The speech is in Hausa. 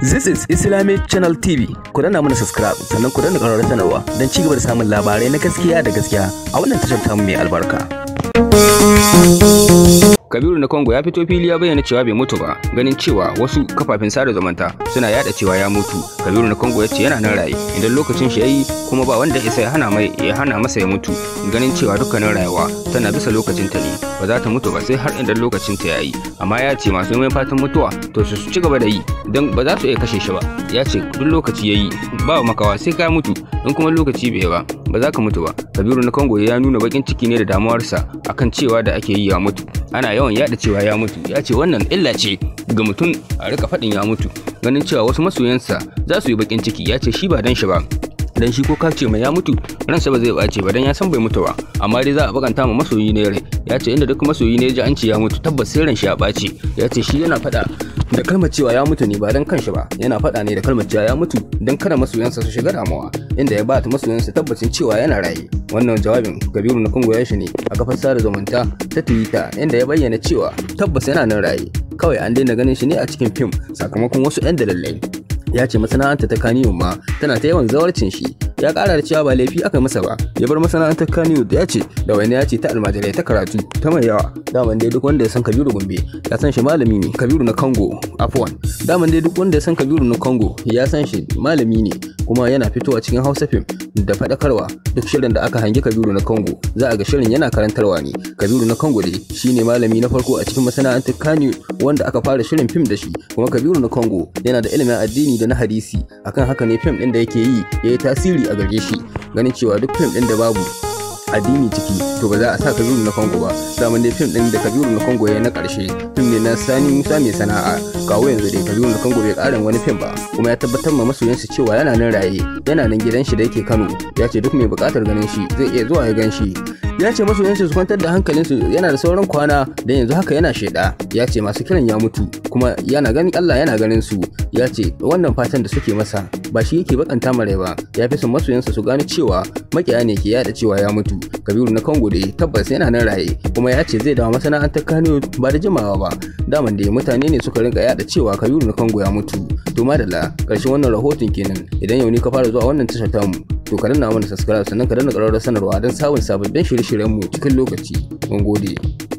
This is Islamic Channel TV. Ku danna mana subscribe sannan ku danna ƙararrawar sanarwa don ci gaba da samun labarai na gaskiya da gaskiya a wannan tashar tamu mai albarka. kabiru na congo ya fito fili ya bayyana cewa bai mutu ba ganin cewa wasu kafafen sada zumunta suna yada cewa ya mutu kabiru na congo ya ce yana nan raye idan lokacin shi yayi kuma ba wanda isa ya hana mai ya hana masa ya mutu ganin cewa dukkanin rayuwa tana bisa lokacin ta ne ba za ta mutu ba sai har idan lokacin ta yayi amma ya ce masu mai fatan mutuwa to su ci gaba da yi don ba za su iya kashe shi ba ya ce duk lokaci yayi ba makawa sai ka mutu in kuma lokaci bai ba ba za ka mutu ba kabiru na kongo ya nuna bakin ciki ne da damuwarsa akan cewa da ake yi ya mutu ana yawan yada cewa ya mutu ya ce wannan illa ce ga mutum a rika faɗin ya mutu ganin cewa wasu masoyansa za su yi bakin ciki ya ce shi ba dan shi ba dan shi ko ka ce mai ya mutu ransa ba zai ɓace ba dan ya san bai mutu ba amma dai za a bakanta ma masoyi ne rai ya ce inda duk masoyi ne ji an ce ya mutu tabbas sai ran shi ya ɓace ya ce shi yana faɗa da kalmar cewa ya mutu ne ba dan kanshi ba yana faɗa ne da kalmar cewa ya mutu dan kada masoyansa su shiga damuwa inda ya ba ta masoyansa tabbacin cewa yana raye wannan jawabin kabiru na kungo ya shi ne a kafar sada zumunta ta twitter inda ya bayyana cewa tabbas yana nan raye kawai an daina ganin shi ne a cikin fim sakamakon wasu 'yan dalilai ya ce masana'anta ta kaniyu ma tana ta yawan zawarcin shi ya kara da cewa ba laifi aka masa ba ya bar masana'antar kaniyu da ya ce da wani ya ce ta almajirai ta karatu ta mai yawa daman dai duk wanda ya san kabiru gombe ya san shi malami ne kabiru na kango afuwan daman dai duk wanda ya san kabiru na kango ya san shi malami ne kuma yana fito fitowa cikin Hausa fim da faɗakarwa duk shirin da aka hangi Kabiru na Congo za a ga shirin yana karantarwa ne Kabiru na Congo dai shine malami na farko a cikin masana'antar Kano wanda aka fara shirin fim da shi kuma Kabiru na Congo yana da ilimin addini da na hadisi akan haka ne fim ɗin da yake yi yayi tasiri a gare shi ganin cewa duk fim ɗin da babu addini ciki to ba za a sa kabiru na kongo ba Zaman dai fim din da kabiru na kongo ya na karshe fim ne na sani musa mai sana'a kawo yanzu dai kabiru na kongo bai karin wani fim ba kuma ya tabbatar ma masoyansa cewa yana nan raye yana nan gidan shi da yake kano ya ce duk mai bukatar ganin shi zai iya zuwa ya gan shi ya ce masoyan su kwantar da hankalinsu yana da sauran kwana don yanzu haka yana shaida ya ce masu kiran ya mutu kuma yana ganin allah yana ganin su ya ce wannan fatan da suke masa ba shi yake bakanta mare ba ya fi son masoyansa su gane cewa makiya ne ke yada cewa ya mutu kabiru na kango dai tabbas yana nan raye kuma ya ce zai dawo masana'antar kano ba da jimawa ba daman da mutane ne suka rinka yada cewa kabiru na kango ya mutu to madalla karshen wannan rahoton kenan idan yau ne ka fara zuwa wannan tashar tamu to ka danna mana subscribe sannan ka danna ƙararrawar sanarwa don samun sababbin shirye-shiryenmu cikin lokaci mun gode